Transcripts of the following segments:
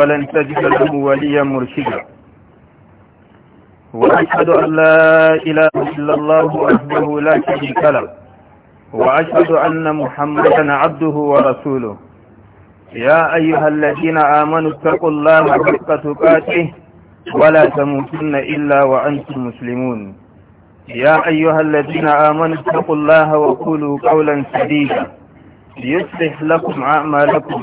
فلن تجد له وليا مرشدا وأشهد أن لا إله إلا الله وحده لا شريك له وأشهد أن محمدا عبده ورسوله يا أيها الذين آمنوا اتقوا الله حق تقاته ولا تموتن إلا وأنتم مسلمون يا أيها الذين آمنوا اتقوا الله وقولوا قولا سديدا ليصلح لكم أعمالكم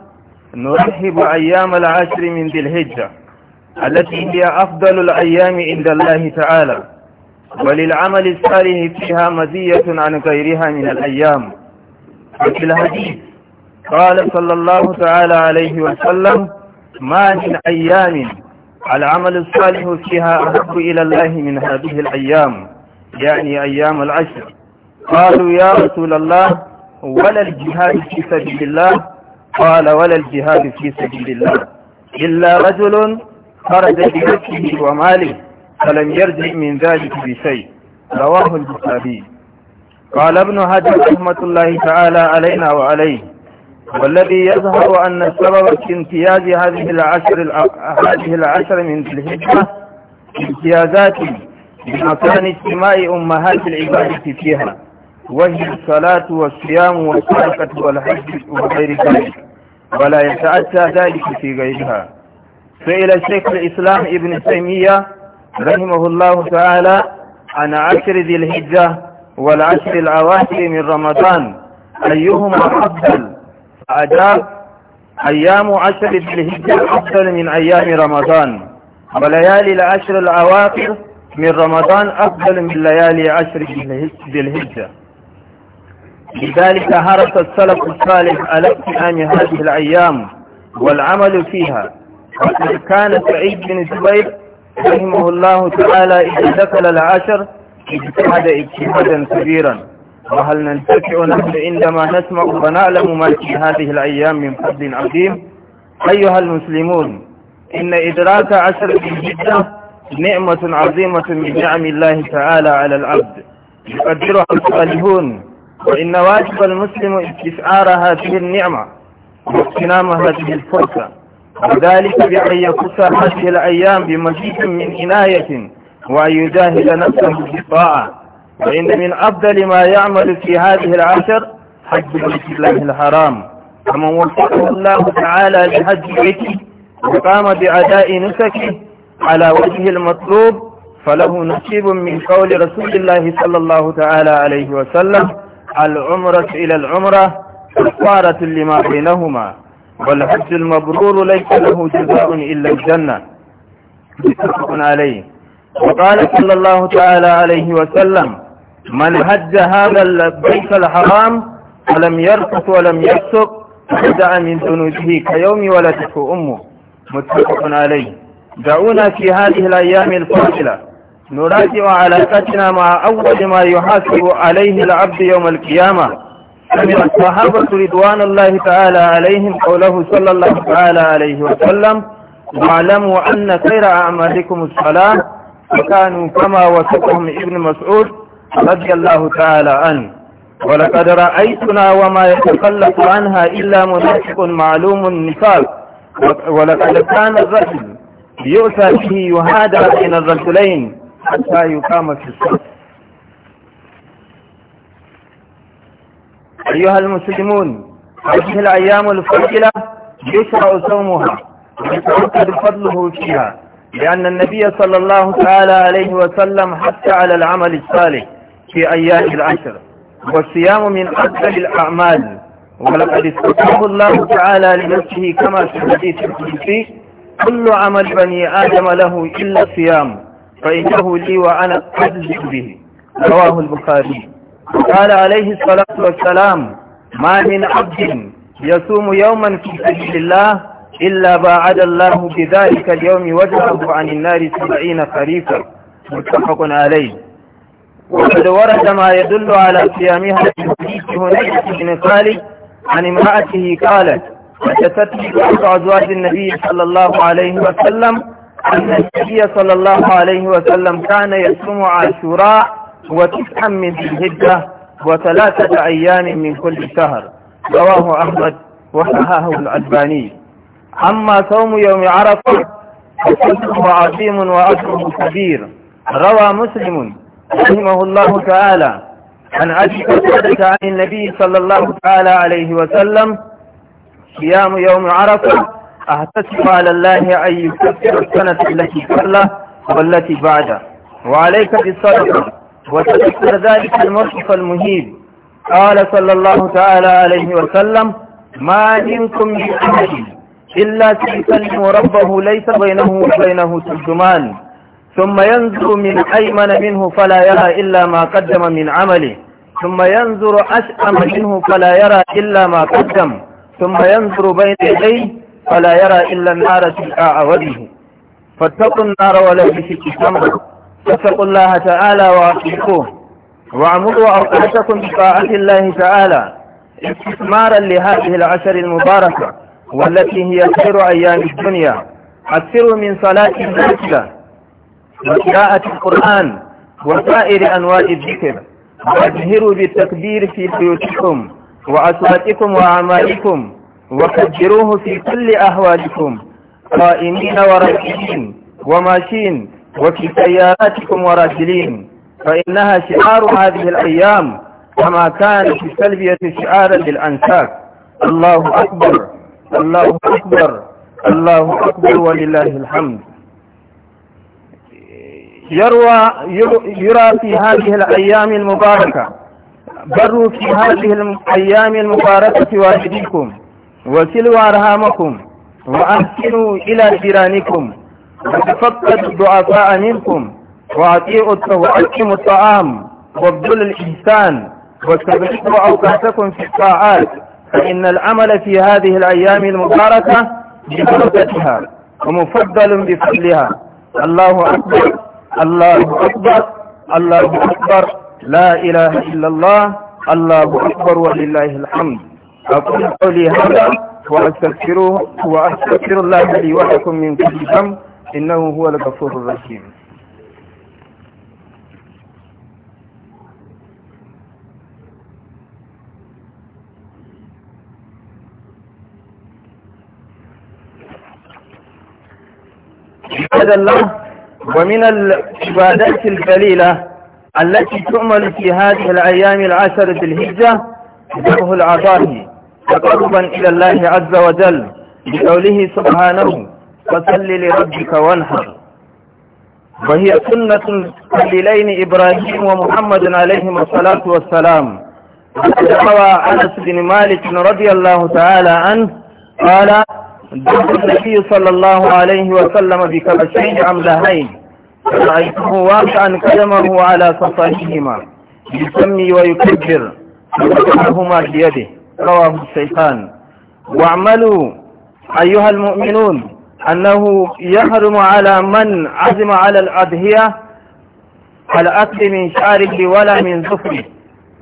نرحب أيام العشر من ذي الهجة التي هي أفضل الأيام عند الله تعالى وللعمل الصالح فيها مزية عن غيرها من الأيام وفي الحديث قال صلى الله تعالى عليه وسلم ما من أيام العمل الصالح فيها أحب إلى الله من هذه الأيام يعني أيام العشر قالوا يا رسول الله ولا الجهاد في سبيل الله قال ولا الجهاد في سبيل الله إلا رجل خرج بنفسه وماله فلم يرجع من ذلك بشيء رواه البخاري قال ابن هدي رحمة الله تعالى علينا وعليه والذي يظهر أن السبب في امتياز هذه العشر هذه العشر من الهجرة امتيازات بمكان اجتماع أمهات العبادة فيها وهي الصلاة والصيام والصدقة والحج وغير ذلك ولا يتأتى ذلك في غيرها سئل الشيخ الإسلام ابن تيمية رحمه الله تعالى عن عشر ذي الهجة والعشر الأواخر من رمضان أيهما أفضل فأجاب أيام عشر ذي الهجة أفضل من أيام رمضان وليالي العشر الأواخر من رمضان أفضل من ليالي عشر ذي الهجة لذلك هرس السلف الصالح على اقتحام هذه الأيام والعمل فيها وقد كان سعيد بن زبير رحمه الله تعالى إذا دخل العشر اجتهد اجتهادا كبيرا وهل ننتفع نحن عندما نسمع ونعلم ما في هذه الأيام من فضل عظيم أيها المسلمون إن إدراك عشر الحجة نعمة عظيمة من نعم الله تعالى على العبد يقدرها الصالحون وإن واجب المسلم استشعار هذه النعمة واغتنام هذه الفرصة وذلك بأن يقص هذه الأيام بمزيد من عناية وأن يجاهد نفسه بالطاعة وإن من أفضل ما يعمل في هذه العشر حج بيت الله الحرام فمن وفقه الله تعالى لحج بيته وقام بأداء نسكه على وجه المطلوب فله نصيب من قول رسول الله صلى الله تعالى عليه وسلم العمرة إلى العمرة كفارة لما بينهما والحج المبرور ليس له جزاء إلا الجنة متفق عليه وقال صلى الله تعالى عليه وسلم من هج هذا البيت الحرام ولم يرقص ولم يفسق بدع من ذنوبه كيوم ولدته أمه متفق عليه دعونا في هذه الأيام الفاضلة نراجع علاقتنا مع أول ما يحاسب عليه العبد يوم القيامة سمع الصحابة رضوان الله تعالى عليهم قوله صلى الله تعالى عليه وسلم واعلموا أن خير أعمالكم الصلاة وكانوا كما وصفهم ابن مسعود رضي الله تعالى عنه ولقد رأيتنا وما يتخلف عنها إلا منافق معلوم النفاق ولقد كان الرجل يؤسى به يهادى بين الرجلين حتى يقام في الصف أيها المسلمون هذه الأيام الفضيلة يشرع صومها ويتعقد فضله فيها لأن النبي صلى الله تعالى عليه وسلم حتى على العمل الصالح في أيام العشر والصيام من أكثر الأعمال ولقد استطاعه الله تعالى لنفسه كما في الحديث القدسي كل عمل بني آدم له إلا الصيام فإنه لي وأنا أجزئ به رواه البخاري قال عليه الصلاة والسلام ما من عبد يصوم يوما في سبيل الله إلا باعد الله بذلك اليوم وجهه عن النار سبعين خريفا متفق عليه وقد ورد ما يدل على صيامها في حديث هنيه بن خالد عن امرأته قالت وتستلي بعض أزواج النبي صلى الله عليه وسلم أن النبي صلى الله عليه وسلم كان يصوم عاشوراء وتسعا من ذي الهجة وثلاثة أيام من كل شهر رواه أحمد وصححه الألباني أما صوم يوم عرفة فصومه عظيم وأجره كبير روى مسلم رحمه الله تعالى عن أبي قتادة عن النبي صلى الله تعالى عليه وسلم صيام يوم عرفة أحتسب على الله أن يكفر السنة التي قبله والتي بعده وعليك بالصدقة وتذكر ذلك الموقف المهيب قال صلى الله تعالى عليه وسلم ما منكم من أحد إلا سيكلم ربه ليس بينه وبينه ترجمان ثم ينظر من أيمن منه فلا يرى إلا ما قدم من عمله ثم ينظر أشأم منه فلا يرى إلا ما قدم ثم ينظر بين يديه فلا يرى إلا النار تلقاء عوده فاتقوا النار ولا بشق تمر فاتقوا الله تعالى وأطيعوه وعمروا أوقاتكم بطاعة الله تعالى استثمارا لهذه العشر المباركة والتي هي خير أيام الدنيا حسروا من صلاة المسجد وقراءة القرآن وسائر أنواع الذكر واجهروا بالتكبير في بيوتكم وأصواتكم وأعمالكم وكبروه في كل أهوالكم قائمين وراجلين وماشين وفي سياراتكم وراجلين فإنها شعار هذه الأيام كما كان في سلبية شعارا للأنساك الله أكبر الله أكبر الله أكبر ولله الحمد يروى يرى في هذه الأيام المباركة بروا في هذه الأيام المباركة والديكم وسلوا أرهامكم وأحسنوا إلى جيرانكم وتفقدوا الضعفاء منكم وأطيعوا وأطعموا الطعام وابذلوا الإحسان واستغلوا أوقاتكم في الطاعات فإن العمل في هذه الأيام المباركة ببركتها ومفضل بفضلها الله أكبر الله أكبر الله أكبر لا إله إلا الله الله أكبر ولله الحمد أقول قولي هذا وأستغفره وأستغفر الله لي ولكم من كل ذنب إنه هو الغفور الرحيم عباد الله ومن العبادات الجليلة التي تعمل في هذه الأيام العشرة الهجة ذبح العظائم تقربا إلى الله عز وجل بقوله سبحانه فصل لربك وانحر وهي سنة خليلين إبراهيم ومحمد عليهما الصلاة والسلام روى أنس بن مالك رضي الله تعالى عنه قال دعا النبي صلى الله عليه وسلم بكبشين عملهين فرأيته واقعا قدمه على صفحهما يسمي ويكبر ويدعهما بيده رواه الشيطان واعملوا أيها المؤمنون أنه يحرم على من عزم على الأدهية على أكل من شعره ولا من زفره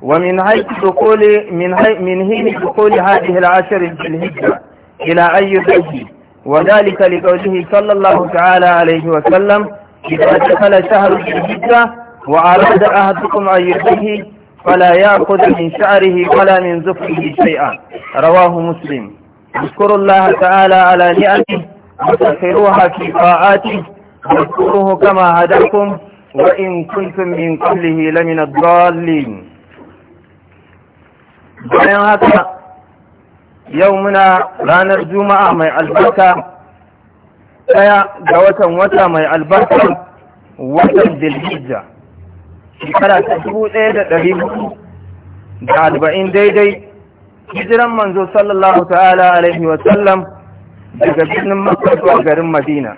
ومن هي دخول من هي من حين دخول هذه العشر الهجرة إلى أي يزكي وذلك لقوله صلى الله تعالى عليه وسلم إذا دخل شهر الهجرة وأراد أحدكم أن يزكي فلا يأخذ من شعره ولا من زفره شيئا رواه مسلم اذكروا الله تعالى على نعمه وسخروها في طاعاته واذكروه كما هداكم وإن كنتم من قبله لمن الضالين bayan haka yau muna ranar juma'a mai albarka ɗaya ga watan wata mai albarka watan dilhijja shekara ta dubu ɗaya da ɗari da arba'in daidai hijiran manzo sallallahu ta'ala alaihi wasallam daga birnin makka zuwa garin madina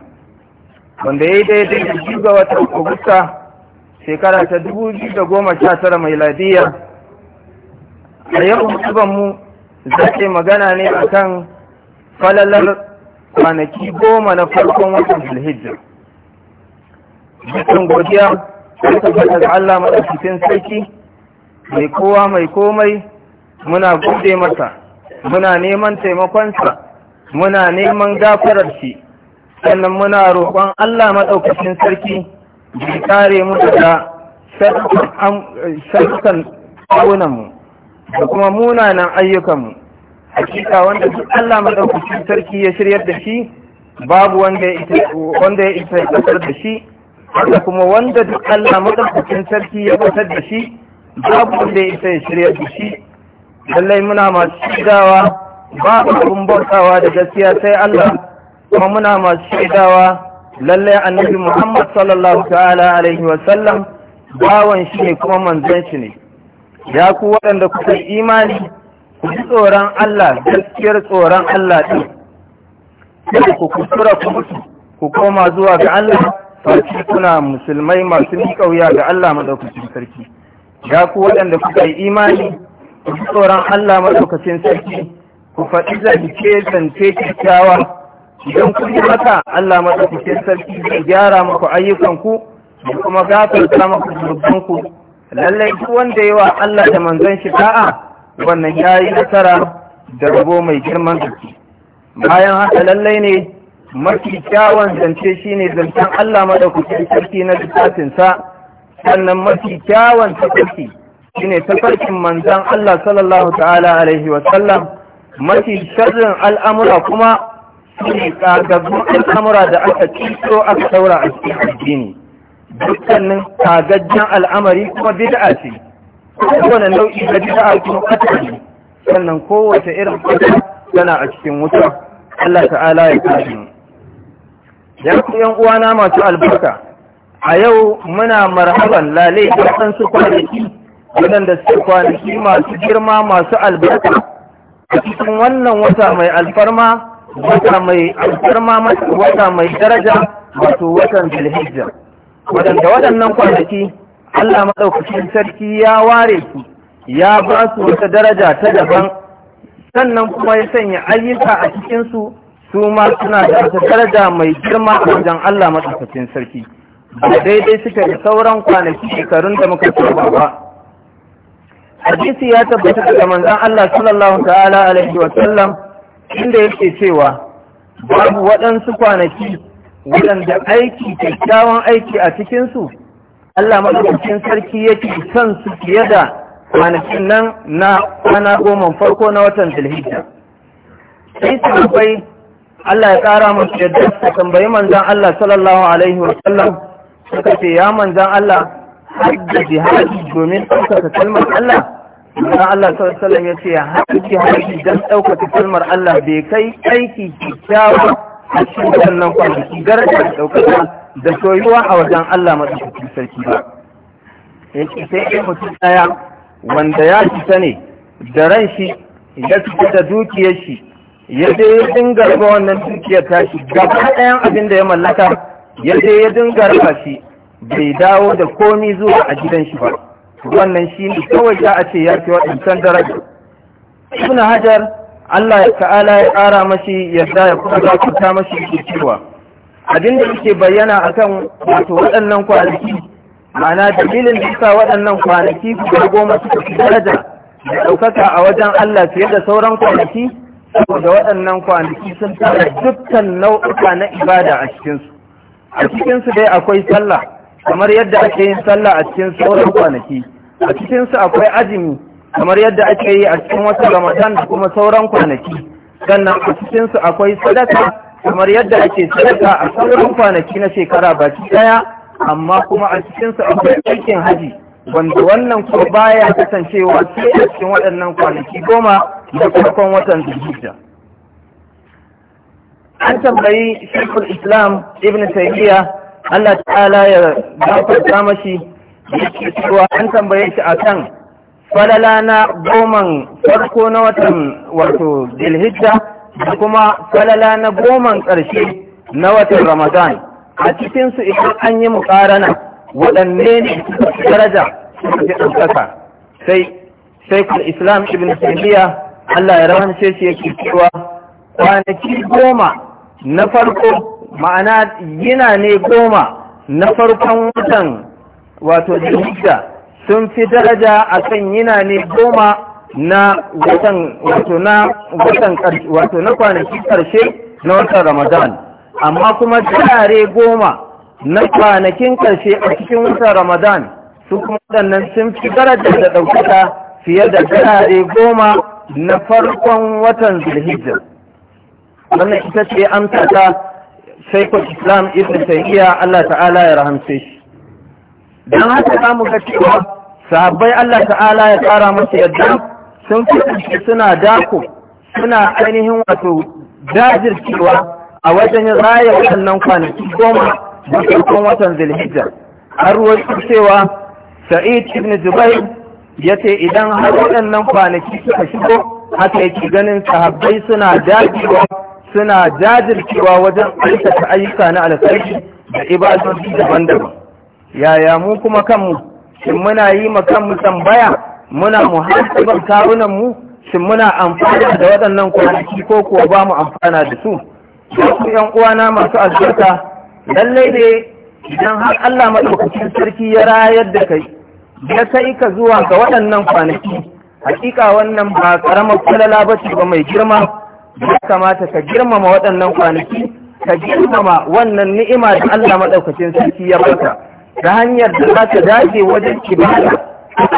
wanda ya yi daidai da biyu ga wata agusta shekara ta dubu biyu da goma sha tara mai ladiya a yau mu za ta magana ne a kan falalar kwanaki goma na farkon watan zulhijja. Bikin godiya sai tabbata Allah madaukakin sarki mai kowa mai komai muna gode masa muna neman taimakonsa muna neman gafarar shi sannan muna roƙon Allah madaukakin sarki ya kare mu daga sharukan mu da kuma munanan mu hakika wanda duk Allah madaukakin sarki ya shiryar da shi babu wanda ya isa ya kasar da shi haka kuma wanda duk Allah madaukakin sarki ya batar da shi babu wanda ya isa ya shirya da shi lallai muna masu shaidawa ba abun bautawa da gaskiya sai Allah kuma muna masu shaidawa lallai annabi Muhammad sallallahu ta'ala alaihi wa sallam bawan shi ne kuma manzon shi ne ya ku waɗanda kuka imani ku ji tsoron Allah gaskiyar tsoron Allah din ku kusura ku mutu ku koma zuwa ga Allah sarki kuna musulmai masu miƙa ga Allah maɗaukacin sarki ga ku waɗanda kuka yi imani ku tsoron Allah maɗaukacin sarki ku faɗi zance zance kyakkyawa idan ku yi haka Allah maɗaukacin sarki zai gyara muku ayyukanku da kuma gafarta muku zurbanku lallai duk wanda yawa Allah da manzon shi ta'a wannan yayi nasara da rabo mai girman gaske bayan haka lallai ne mafi kyawun zance shine zancen Allah madaukakin sarki na littafinsa sannan mafi kyawun tafarki shine tafarkin manzan Allah sallallahu ta'ala alaihi wa mafi sharrin al'amura kuma ne kagabbun al'amura da aka cito aka saura a cikin addini dukkanin kagajen al'amari kuma bid'a ce kowane nau'i da bid'a kuma kata sannan kowace irin kata tana a cikin wuta Allah ta'ala ya kashe da ku yan uwana masu albarka a yau muna marhaban lalai da san su kwanaki waɗanda su kwanaki masu girma masu albarka a cikin wannan wata mai alfarma wata mai alfarma wata mai daraja wato watan zulhijja waɗanda waɗannan kwanaki Allah maɗaukacin sarki ya ware su ya ba su wata daraja ta daban sannan kuma ya sanya ayyuka a cikinsu su ma suna da wata daraja mai girma a wajen Allah matsakacin sarki ba daidai suke da sauran kwanaki shekarun da muka saba ba hadisi ya tabbata da manzon Allah sallallahu ta'ala alaihi wa sallam inda yake cewa babu waɗansu kwanaki waɗanda aiki kyakkyawan aiki a cikinsu Allah matsakacin sarki yake son su fiye da kwanakin nan na kwana goma farko na watan Zulhijja sai su bai Allah ya ƙara masu yadda ta tambayi manzan Allah sallallahu Alaihi wasallam suka ce ya manzan Allah hajji jihadi domin ɗaukaka kalmar Allah. Manzan Allah sallallahu Alaihi ya ce hajji jihadi don ɗaukaka kalmar Allah bai kai aiki kyakkyawa a cikin wannan kwanaki daraja da ɗaukaka da soyuwa a wajen Allah maɗaukakin sarki ba. Ya ce sai ɗaya mutum ɗaya wanda ya fita ne da ran shi ya fita da dukiyar shi ya ya dinga raba wannan dukiyar tashi gaba ɗayan abin da ya mallaka ya ya dinga raba shi bai dawo da komi zuwa a gidan shi ba wannan shi ne kawai za a ce ya ce waɗancan daraja ibn hajar Allah ya ta'ala ya ƙara mashi yadda ya kuma ta mashi cewa abin da yake bayyana akan wato waɗannan kwanaki ma'ana dalilin da yasa waɗannan kwanaki guda goma suka daraja da ɗaukaka a wajen Allah fiye da sauran kwanaki saboda waɗannan kwanaki sun tara dukkan nau'uka na ibada a cikinsu a cikinsu dai akwai sallah kamar yadda ake yin sallah a cikin sauran kwanaki a cikinsu akwai azumi kamar yadda ake yi a cikin wasu ramadan da kuma sauran kwanaki sannan a cikinsu akwai sadaka kamar yadda ake sadaka a sauran kwanaki na shekara baki daya amma kuma a cikinsu akwai aikin haji wanda wannan ko baya kasancewa sai a cikin waɗannan kwanaki goma da farkon watan zulhijja an tambayi shekul islam ibn taymiya Allah ta'ala ya gafarta mashi yake cewa an tambaye shi akan falala na goman farko na watan wato zulhijja da kuma falala na goman ƙarshe na watan ramadan a cikinsu idan an yi muƙarana waɗanne ne daraja suka fi ɗaukaka sai shaikul islam ibn taymiya Allah ya rahance shi yake cewa kwanaki goma na farko ma'ana yana ne goma na farkon watan wato jihujja sun fi daraja a kan yana ne goma na watan wato na watan wato na kwanaki karshe na watan ramadan amma kuma tare goma na kwanakin karshe a cikin watan ramadan su kuma waɗannan sun fi daraja da ɗaukaka fiye da tare goma na farkon watan zulhijjar wannan ita ce amsa ta shaikon islam ibn tayyiya Allah ta'ala ya rahamce shi dan haka zamu ga cewa sahabbai Allah ta'ala ya tsara musu yadda sun fi suna dako suna ainihin wato cewa, a wajen raya wannan kwanaki goma da farkon watan zulhijjar har wasu cewa sa'id ibn zubair ya ce idan har waɗannan kwanaki suka shigo haka yake ganin sahabbai suna dajewa suna jajircewa wajen aikata ayyuka na alkhairi da ibadoji daban-daban yaya mu kuma kanmu shin muna yi ma kanmu tambaya muna muhasabar kawunan mu shin muna amfana da waɗannan kwanaki ko kuwa ba mu amfana da su wasu yan uwana masu albarka lallai ne idan har Allah madaukakin sarki ya rayar da kai ya sai ka zuwa ga waɗannan kwanaki hakika wannan ba ƙaramar kulala ba ce ba mai girma ya kamata ka girmama waɗannan kwanaki ka girmama wannan ni'ima da Allah maɗaukacin sarki ya baka ta hanyar da za ta dace wajen ka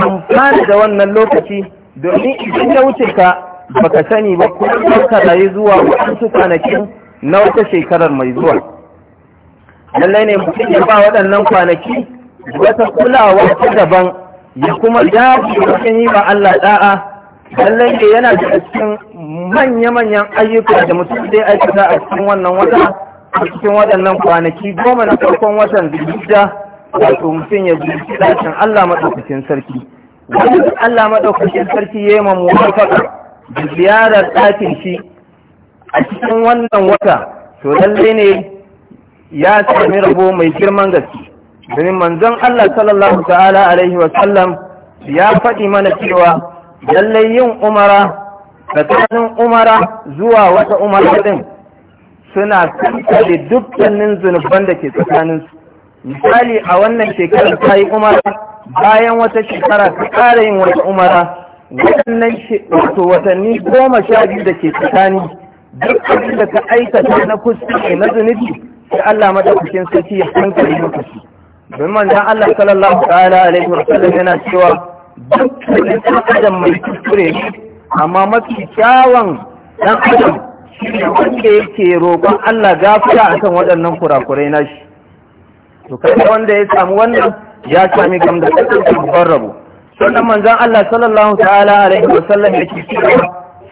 amfani da wannan lokaci domin idan ya wuce ka baka sani ba ko ka rayu zuwa wasu kwanakin na wata shekarar mai zuwa lallai ne mutum ya ba waɗannan kwanaki wata kulawa ta daban ya kuma yaji cikin yi wa Allah da'a lallai ne yana da cikin manya-manyan ayyuka da mutum zai aikata a cikin wannan wata a cikin waɗannan kwanaki goma na farkon watan da wato mutum ya zuci ɗakin Allah maɗaukacin sarki wanda Allah maɗaukacin sarki ya yi ma faɗa da ziyarar ɗakin shi a cikin wannan wata to lallai ne ya sami rabo mai girman gaske domin manzon Allah sallallahu ta'ala alaihi wasallam ya faɗi mana cewa lallai yin umara tsakanin umara zuwa wata umara din suna da dukkanin zunuban da ke tsakaninsu misali a wannan shekarar ta umara bayan wata shekara ta ƙara yin wata umara waɗannan wato watanni goma sha biyu da ke tsakani dukkanin da ka aikata na kuskure na zunubi sai Allah madaukakin sarki ya hankali maka shi don manzan Allah sallallahu ta'ala alaihi wa sallam yana cewa duk ɗan adam mai kuskure amma mafi kyawun ɗan adam shi ne wanda yake roƙon Allah gafara akan waɗannan kurakurai nashi to kai wanda ya samu wannan ya sami gam da babban rabo sannan manzan Allah sallallahu ta'ala alaihi wa sallam yake cewa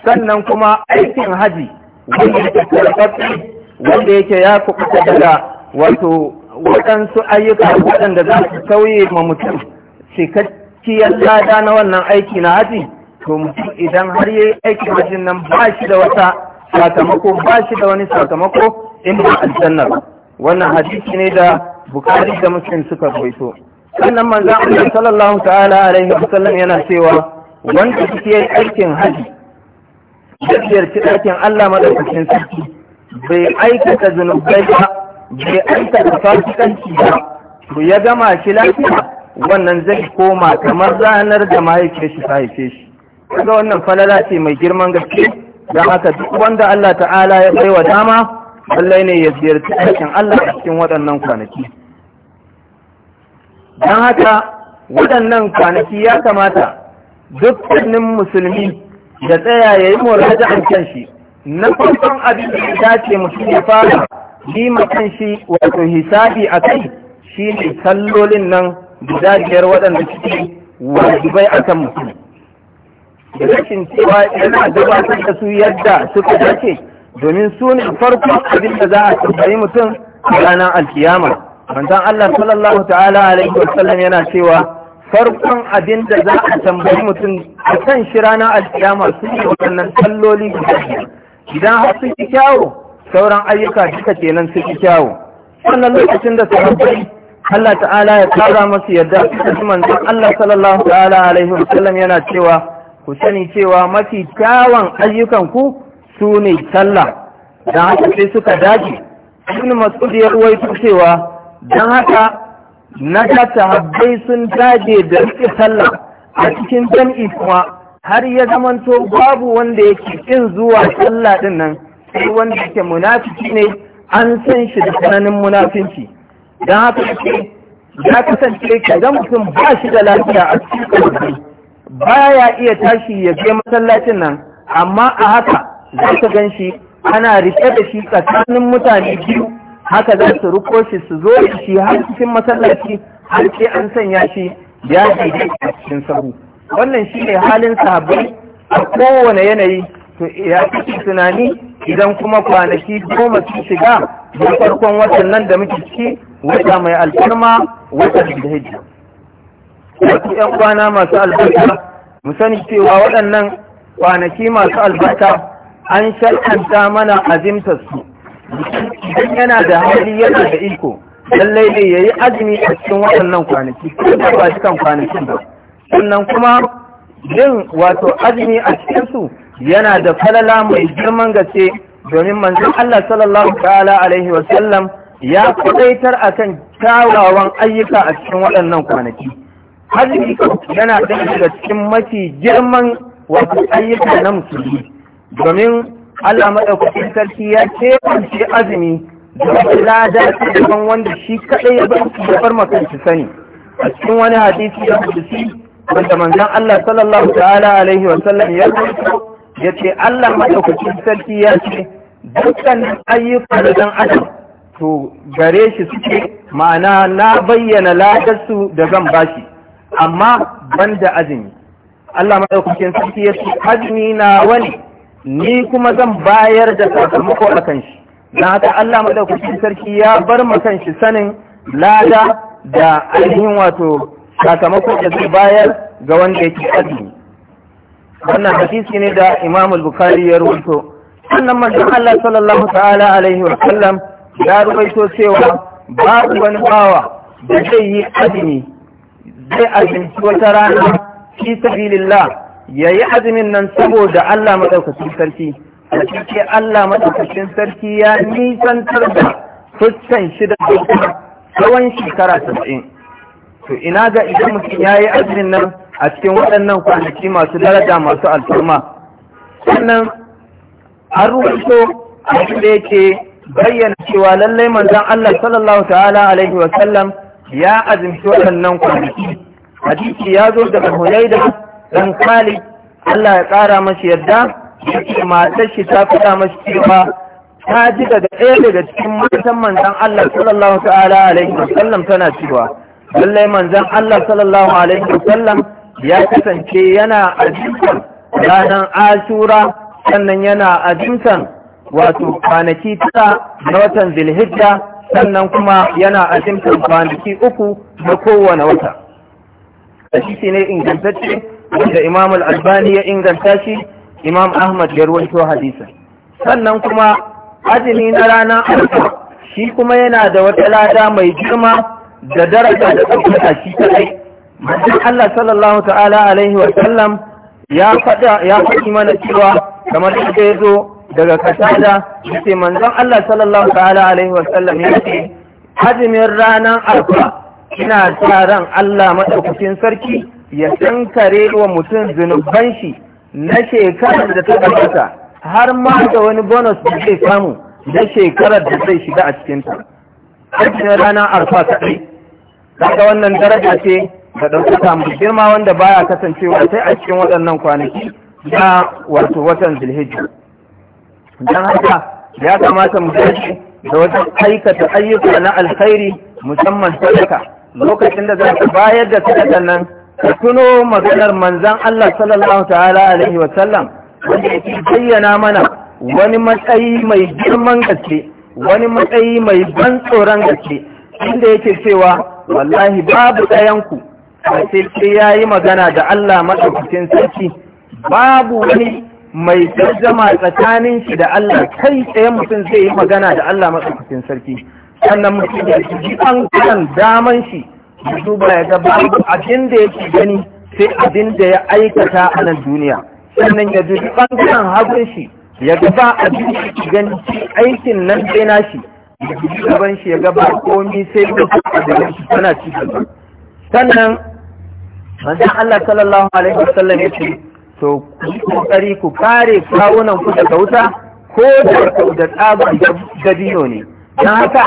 sannan kuma aikin haji wanda yake wanda yake ya kuɓuta daga wato waɗansu ayyuka waɗanda za su sauye ma mutum cikakkiyar tsada na wannan aiki na haji to mutum idan har yi aikin wajen nan ba shi da wata sakamako ba shi da wani sakamako in ba aljannar wannan hadisi ne da bukari da muslim suka rawaito sannan manzon Allah sallallahu ta'ala alaihi wa sallam yana cewa wanda yake aikin haji da ziyarci ɗakin Allah madaukakin sarki bai aikata zunubai ba bai aikata fasikanci ba to ya gama shi lafiya wannan zai koma kamar ranar da mahaifiyar shi ta haife shi kaga wannan falala ce mai girman gaske Da haka duk wanda Allah ta'ala ya baiwa dama lallai ne ya ziyarci aikin Allah a cikin waɗannan kwanaki don haka waɗannan kwanaki ya kamata duk dukkanin musulmi da tsaya ya yi muraja an shi na farkon abin da ya dace mutum ya fara shi kan shi wato hisabi a kai shi ne sallolin nan guda biyar waɗanda suke wajibai a kan mutum da rashin cewa yana gabatar da su yadda suka dace domin su ne farkon abin da za a tambayi mutum a ranar alkiyama manzon Allah sallallahu ta'ala alaihi wasallam yana cewa farkon abin da za a tambayi mutum a kan shi ranar alkiyama su ne waɗannan salloli guda idan har sun yi kyawo sauran ayyuka duka kenan su ki kyawu wannan lokacin da sahabbai Allah ta'ala ya kara masu yadda ji manzon Allah sallallahu ta'ala alaihi wa sallam yana cewa ku sani cewa mafi kyawun ayyukan ku su ne sallah dan haka sai suka dage Ibn Mas'ud ya ruwaito cewa dan haka na ta sahabbai sun dage da rike sallah a cikin jam'i kuma har ya zamanto babu wanda yake kin zuwa sallah din nan sai wanda yake munafiki ne an san shi da tsananin munafinci don haka yake ya kasance idan mutum ba shi da lafiya a cikin Ba baya iya tashi ya je masallacin nan amma a haka za ka gan shi ana riƙe da shi tsakanin mutane biyu haka za su riko shi su zo da shi har cikin masallaci har sai an sanya shi ya da a cikin sahu wannan shi ne halin sahabbai a kowane yanayi to ya kake tunani idan kuma kwanaki goma su shiga da farkon watan nan da muke ciki wata mai alfarma watan da hijja wasu ‘yan kwana masu albarka mu sani cewa waɗannan kwanaki masu albarka an shar'anta mana azimta su idan yana da hali yana da iko lallai ne ya yi azumi a cikin waɗannan kwanaki ko da ba cikin kwanakin ba sannan kuma yin wato azumi a cikinsu yana da falala mai girman gaske domin manzon Allah sallallahu ta'ala alaihi wa sallam ya kudaitar akan kyawawan ayyuka a cikin waɗannan kwanaki hajji yana ɗaya daga cikin mafi girman wasu ayyuka na musulmi domin Allah maɗaukakin sarki ya ce kebance azumi da wasu lada ta wanda shi kaɗai ya bar makanci sani a cikin wani hadisi da hadisi wanda manzon Allah sallallahu ta'ala alaihi wa sallam ya rubuta ya ce Allah maɗaukacin sarki ya ce dukkan ayyukan dan adam to gare shi suke ma'ana na bayyana ladarsu da zan bashi amma ban da azumi Allah maɗaukacin sarki ya ce azumi na wani ni kuma zan bayar da sakamako a kan shi na haka Allah maɗaukacin sarki ya bar ma kan shi sanin lada da ainihin wato sakamako da zai bayar ga wanda yake azumi wannan hadisi ne da Imam al-Bukhari ya rubuto sannan manzon Allah sallallahu ta'ala alaihi wa sallam ya rubuto cewa babu wani bawa da zai yi azumi zai azumci wata rana fi sabilillah yayi azumin nan saboda Allah madaukakin sarki a Allah madaukakin sarki ya nisantar da fuskan shida da tsawon shekara 70 to ina ga idan mutum yayi azumin nan a cikin waɗannan kwanaki masu daraja masu alfarma sannan an rubuto abin da yake bayyana cewa lallai manzon Allah sallallahu ta'ala alaihi wa ya azumci waɗannan kwanaki hadisi ya zo daga Hulaida dan Khalid Allah ya ƙara masa yadda yake matar shi ta faɗa masa cewa ta ji daga ɗaya daga cikin matan manzon Allah sallallahu ta'ala alaihi wa tana cewa lallai manzon Allah sallallahu alaihi wa ya kasance yana azimtan ranar ashura sannan yana azimtan wato kwanaki tara na watan zilhijja sannan kuma yana azimtan kwanaki uku na kowane wata shi ne ingantacce wanda imam al-albani ya inganta shi imam ahmad ya ruwanto hadisa. sannan kuma azumi na rana arfa shi kuma yana da wata lada mai girma da daraja da tsakiyar shi kadai manzon Allah sallallahu ta'ala alaihi wa sallam ya faɗi mana cewa kamar da ya zo daga kasada yace manzon Allah sallallahu ta'ala alaihi wa sallam ya ce azumin ranar arfa ina sa ran Allah madaukakin sarki ya tankare wa mutum zunuban shi na shekarar da ta gabata har ma da wani bonus da zai samu na shekarar da zai shiga a cikinta. Azumin ranar arfa kaɗai, kaga wannan daraja ce da ɗaukaka mu girma wanda baya kasancewa sai a cikin waɗannan kwanaki na wato watan zilhijji don haka ya kamata mu dace da wajen aikata ayyuka na alkhairi musamman sadaka lokacin da za ka bayar da sadakan nan ka tuno maganar manzan Allah sallallahu ta'ala alaihi wa sallam wanda yake bayyana mana wani matsayi mai girman gaske wani matsayi mai ban tsoron gaske inda yake cewa wallahi babu ɗayanku sai ya yi magana da Allah maɗaukacin sarki babu wani mai zama tsakanin shi da Allah kai tsaye mutum zai yi magana da Allah maɗaukacin sarki sannan mutum ya ji an kan daman shi duba ya ga babu abin da ya yake gani sai abin da ya aikata a nan duniya sannan ya dubi kan hagun shi ya gaba ba abin da gani aikin nan sai na shi ya gaban shi ya ga ba komi sai da tana cikin sannan manzon Allah sallallahu alaihi wasallam ya ce to ku kokari ku kare kawunan ku daga wuta ko da tsabar dabino ne don haka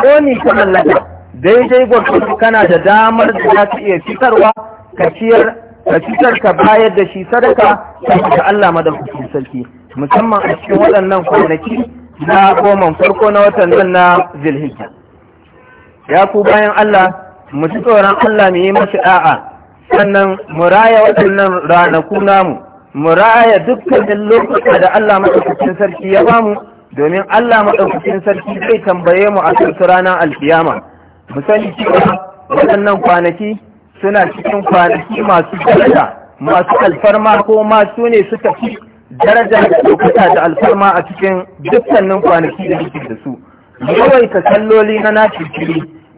ko ni ka mallaka daidai Gwamnati kana da damar da za ka iya fitarwa ka ciyar ka fitar bayar da shi sadaka saboda Allah madaukakin sarki musamman a cikin waɗannan kwanaki na goma farko na watan nan na zilhijja ya ku bayan Allah mu ji tsoron Allah mu yi mashi a'a sannan mu raya waɗannan ranaku namu mu raya dukkanin lokuta da Allah maɗaukakin sarki ya bamu domin Allah maɗaukakin sarki zai tambaye mu a kan ranar alkiyama mu sani cewa waɗannan kwanaki suna cikin kwanaki masu daraja masu alfarma ko masu ne suka fi daraja da lokuta da alfarma a cikin dukkanin kwanaki da suke da su yawaita salloli na nafi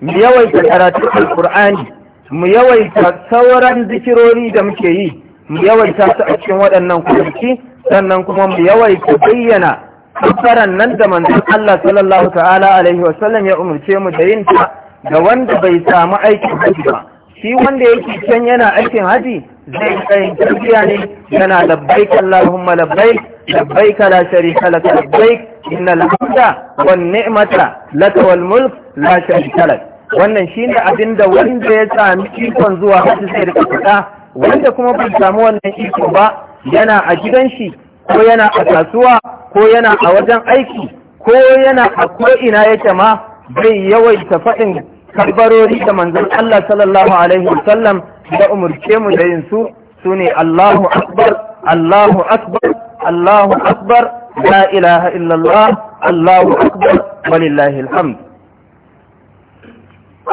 mu yawaita karatun alkur'ani mu yawaita sauran zikirori da muke yi mu yawaita su a cikin waɗannan kwanaki sannan kuma mu yawaita bayyana kafaran nan da manzon Allah sallallahu ta'ala alaihi wa sallam ya umarce mu da yin ta da wanda bai samu aikin haji ba shi wanda yake can yana aikin haji zai tsayin tafiya ne yana labbaik Allahumma labbaik labbaik la sharika lak labbaik innal hamda wan ni'mata lak wal mulk la sharika lak wannan shine abin da wanda ya sami ikon zuwa hajji zai rika faɗa wanda kuma bai samu wannan iko ba yana a gidan shi ko yana a kasuwa ko yana a wajen aiki ko yana a ko'ina yake ma zai yawaita faɗin karbarori da manzon Allah sallallahu alaihi wasallam da umurce mu da yin su sune Allahu akbar Allahu akbar Allahu akbar la ilaha illallah Allahu akbar walillahi alhamd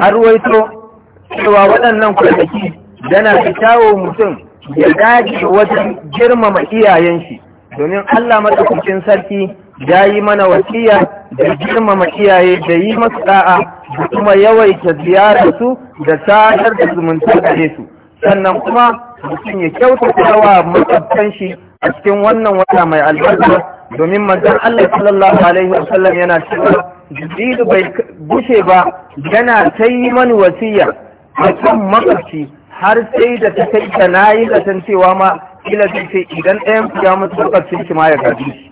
an ruwaito cewa waɗannan kwanaki yana da kyawo mutum ya dage wajen girmama iyayen shi domin Allah madaukakin sarki ya yi mana wasiya da girmama iyaye da yi masu da'a da kuma yawaita ziyarar su da sadar da zumunta da su sannan kuma mutum ya kyauta wa matsabtan shi a cikin wannan wata mai albarka domin manzon Allah sallallahu alaihi wasallam yana cewa jibrilu bai gushe ba yana ta yi mani wasiya a kan makarci har sai da ta kai da na yi zaton cewa ma kila zai idan ɗayan ya mutu lokacin shi ma ya gaji shi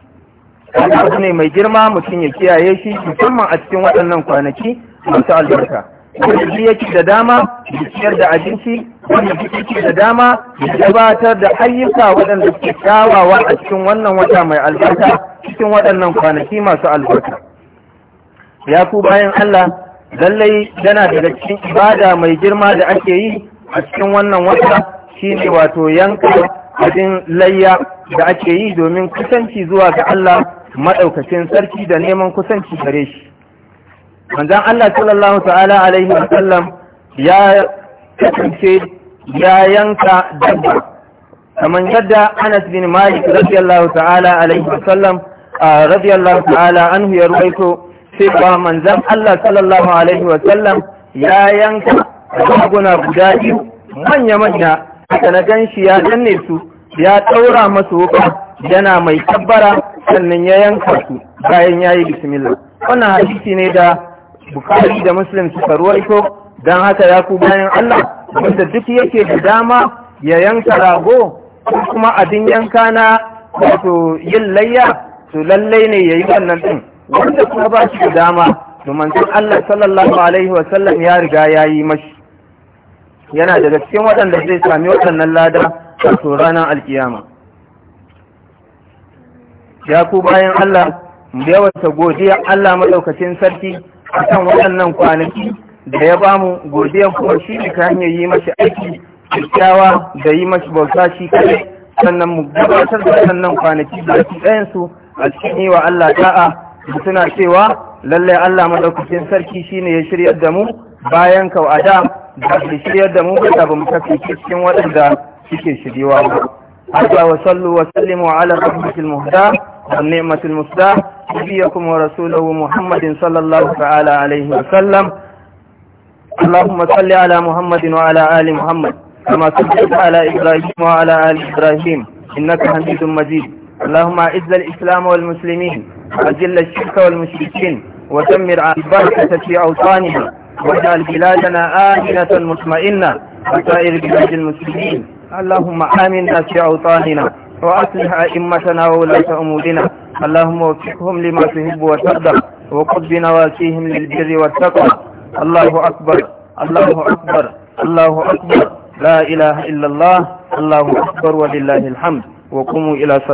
abu ne mai girma mutum ya kiyaye shi musamman a cikin waɗannan kwanaki masu albarka wanda yake da dama ya ciyar da abinci wanda yake da dama ya gabatar da ayyuka waɗanda suke kyawawa a cikin wannan wata mai albarka cikin waɗannan kwanaki masu albarka ya ku bayan Allah lallai yana daga cikin ibada mai girma da ake yi a cikin wannan wata shine wato yanka abin layya da ake yi domin kusanci zuwa ga Allah maɗaukacin sarki da neman kusanci gare shi manzon Allah sallallahu ta'ala alaihi Wasallam sallam ya kasance ya yanka dabba kamar yadda Anas bin Malik radiyallahu ta'ala alaihi Wasallam sallam radiyallahu ta'ala anhu ya ruwaito Sai cewa manzan Allah sallallahu alaihi wasallam ya yanka raguna guda biyu manya-manya da na gan shi ya danne su ya ɗaura masu wuka yana mai tabbara sannan ya yanka su bayan ya yi bismillah wannan hadisi ne da bukari da muslim suka ruwaito don haka ya ku bayan Allah wanda duk yake da dama ya yanka rago ko kuma abin yanka na wato yin layya su lallai ne ya yi wannan ɗin wanda kuma ba shi da dama to manzon Allah sallallahu alaihi wa sallam ya riga ya yi mashi yana da cikin waɗanda zai sami waɗannan lada a ranar alkiyama ya ku bayan Allah da yawansa godiya Allah maɗaukacin sarki a kan waɗannan kwanaki da ya bamu godiya kuma shi ne ta hanyar yi mashi aiki kyakkyawa da yi mashi bauta shi kai sannan mu gabatar da waɗannan kwanaki da su a cikin yi wa Allah ta'a. suna cewa lallai Allah madaukakin sarki shine ya shiryar da mu bayan kau a da da bai shiryar da mu ba ba mu cikin waɗanda suke shiryewa ba hada wa sallu wa sallimu ala rahmatil muhda wa ni'matil musda nabiyakum wa rasuluhu muhammadin sallallahu ta'ala alaihi wa sallam اللهم صل على محمد وعلى آل محمد كما صليت على إبراهيم وعلى آل إبراهيم إنك حميد مجيد اللهم أعز الإسلام والمسلمين وأذل الشرك والمشركين ودمر عبادك في أوطاننا واجعل بلادنا آمنة مطمئنة وسائر بلاد المسلمين اللهم آمنا في أوطاننا وأصلح أئمتنا وولاة أمورنا اللهم وفقهم لما تحب وترضى وقد بنواسيهم للبر والتقوى الله أكبر الله أكبر الله أكبر لا إله إلا الله الله أكبر ولله الحمد وقوموا إلى صلاة